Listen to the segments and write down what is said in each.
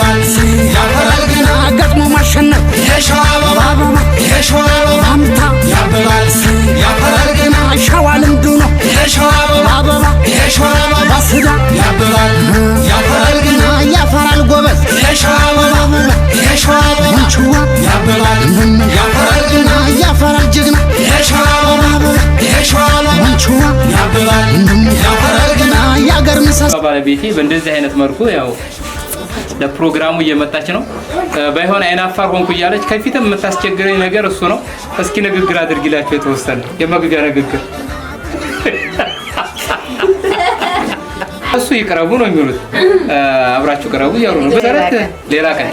ያብባል ያብባል ገና ገጥሞ ማሸነፍ የሸዋ አበባ የሸዋ አበባ አምታ ያብባል ያብባል ግና ሸዋ ልምዱ ነው የሸዋ አበባ የሸዋ አበባ ስጋ ያብባል ያብባል ግና ያፈራል ጎበዝ የሸዋ አበባ የሸዋ አበባ ምንችዋ ያብባል ያፈራል ግና ያፈራል ጀግና የሸዋ አበባ የሸዋ አበባ ምንችዋ ያብባል ያፈራል ግና ያገር ምሰሶ ባለቤቴ በእንደዚህ አይነት መልኩ ያው ለፕሮግራሙ እየመጣች ነው። ባይሆን አይናፋር ሆንኩ እያለች ከፊትም የምታስቸግረኝ ነገር እሱ ነው። እስኪ ንግግር አድርጊላቸው የተወሰነ የመግቢያ ንግግር እሱ ይቅረቡ ነው የሚሉት። አብራችሁ ቅረቡ እያሉ ነው። በሰረት ሌላ ቀን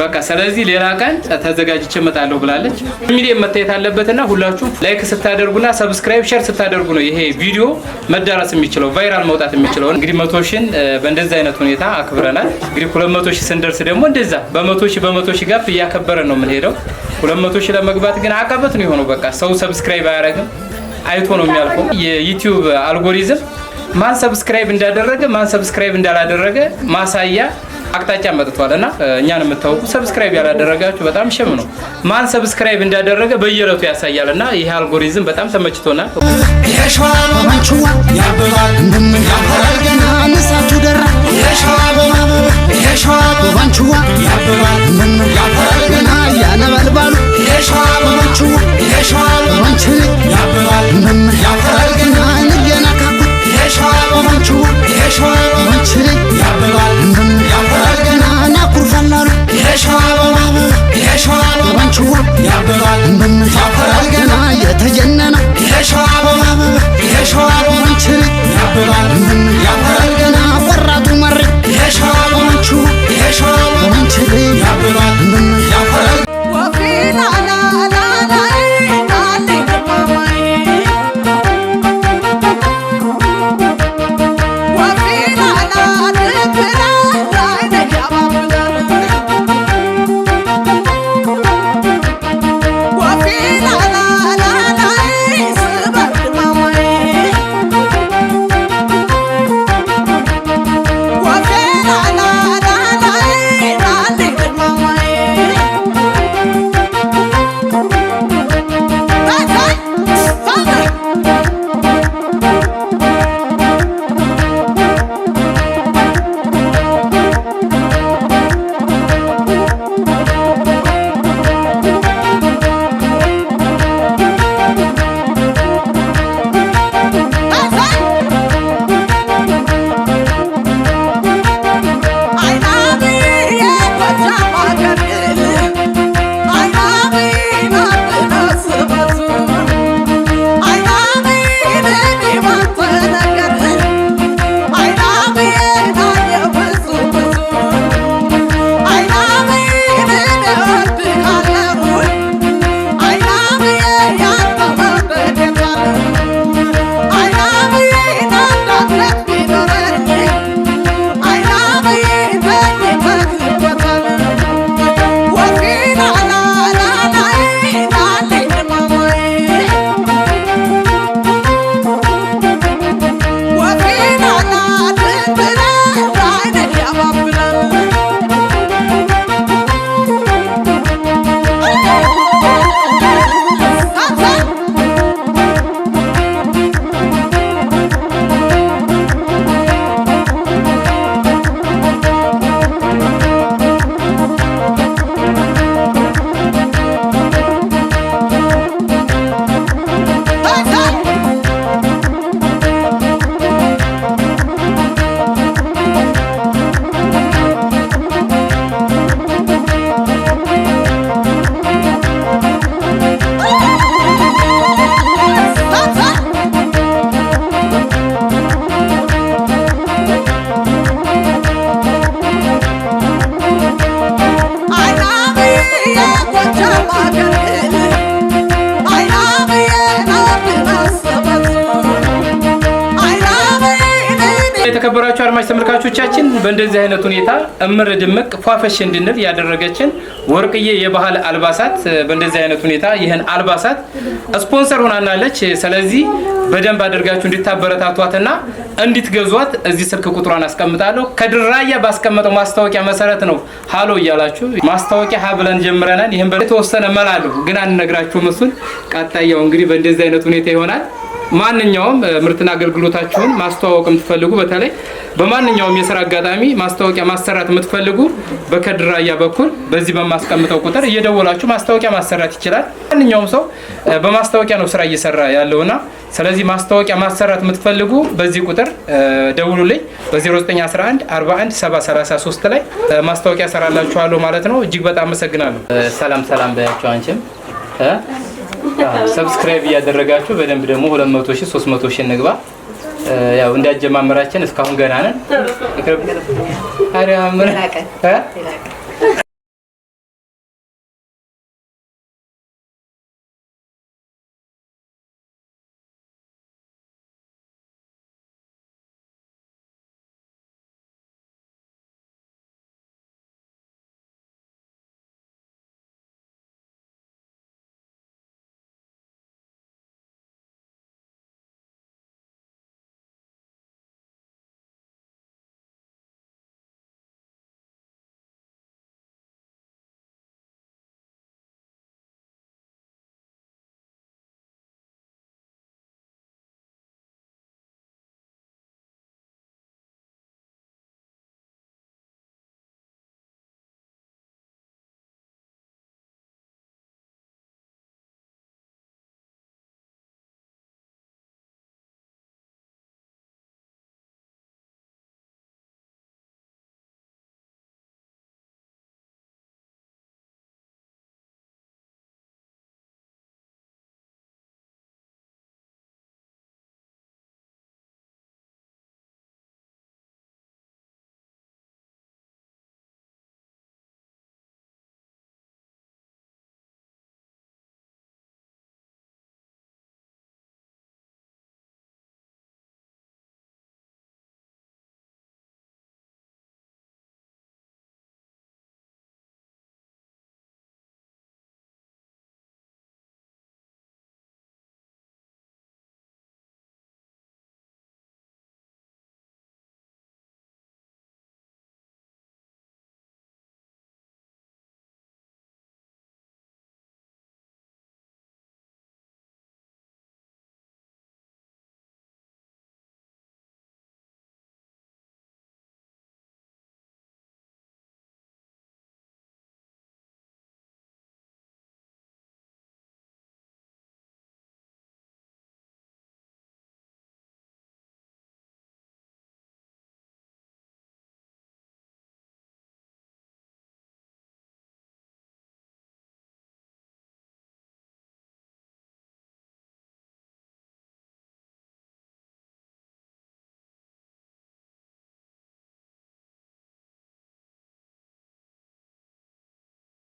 በቃ ስለዚህ ሌላ ቀን ተዘጋጅቼ እመጣለሁ ብላለች። ሚዲየም መታየት አለበትና ሁላችሁም ላይክ ስታደርጉና ሰብስክራይብ፣ ሼር ስታደርጉ ነው ይሄ ቪዲዮ መዳረስ የሚችለው ቫይራል መውጣት የሚችለው። እንግዲህ መቶ ሺን በእንደዛ አይነት ሁኔታ አክብረናል። እንግዲህ ሁለት መቶ ሺህ ስንደርስ ደግሞ እንደዛ በመቶ ሺህ በመቶ ሺህ ጋፕ እያከበረን ነው የምንሄደው። ሁለት መቶ ሺህ ለመግባት ግን አቀበት ነው የሆነው። በቃ ሰው ሰብስክራይብ አያደርግም አይቶ ነው የሚያልፈው የዩቲዩብ አልጎሪዝም ማን ሰብስክራይብ እንዳደረገ ማን ሰብስክራይብ እንዳላደረገ ማሳያ አቅጣጫ መጥቷል እና እኛን የምታውቁ ሰብስክራይብ ያላደረጋችሁ በጣም ሸም ነው። ማን ሰብስክራይብ እንዳደረገ በየለቱ ያሳያል እና ይህ አልጎሪዝም በጣም ተመችቶናል። የተከበራችሁ አድማጭ ተመልካቾቻችን በእንደዚህ አይነት ሁኔታ እምር ድምቅ ፏፈሽ እንድንል ያደረገችን ወርቅዬ የባህል አልባሳት በእንደዚህ አይነት ሁኔታ ይህን አልባሳት ስፖንሰር ሆናናለች። ስለዚህ በደንብ አድርጋችሁ እንድታበረታቷትና እንድትገዟት እዚህ ስልክ ቁጥሯን አስቀምጣለሁ። ከድራያ ባስቀመጠው ማስታወቂያ መሰረት ነው ሀሎ እያላችሁ ማስታወቂያ ሀ ብለን ጀምረናል። ይህን የተወሰነ መላለሁ ግን አንነግራችሁም። እሱን ቀጣያው እንግዲህ በእንደዚህ አይነት ሁኔታ ይሆናል። ማንኛውም ምርትና አገልግሎታችሁን ማስተዋወቅ የምትፈልጉ በተለይ በማንኛውም የስራ አጋጣሚ ማስታወቂያ ማሰራት የምትፈልጉ በከድራያ በኩል በዚህ በማስቀምጠው ቁጥር እየደወላችሁ ማስታወቂያ ማሰራት ይችላል። ማንኛውም ሰው በማስታወቂያ ነው ስራ እየሰራ ያለውና ስለዚህ ማስታወቂያ ማሰራት የምትፈልጉ በዚህ ቁጥር ደውሉልኝ። በ0911 41 733 ላይ ማስታወቂያ ሰራላችኋለሁ ማለት ነው። እጅግ በጣም አመሰግናለሁ። ሰላም ሰላም በያቸው አንችም ሰብስክራይብ እያደረጋችሁ በደንብ ደግሞ 200 ሺህ 300 ሺህ እንግባ። ያው እንዳጀማመራችን እስካሁን ገና ነን።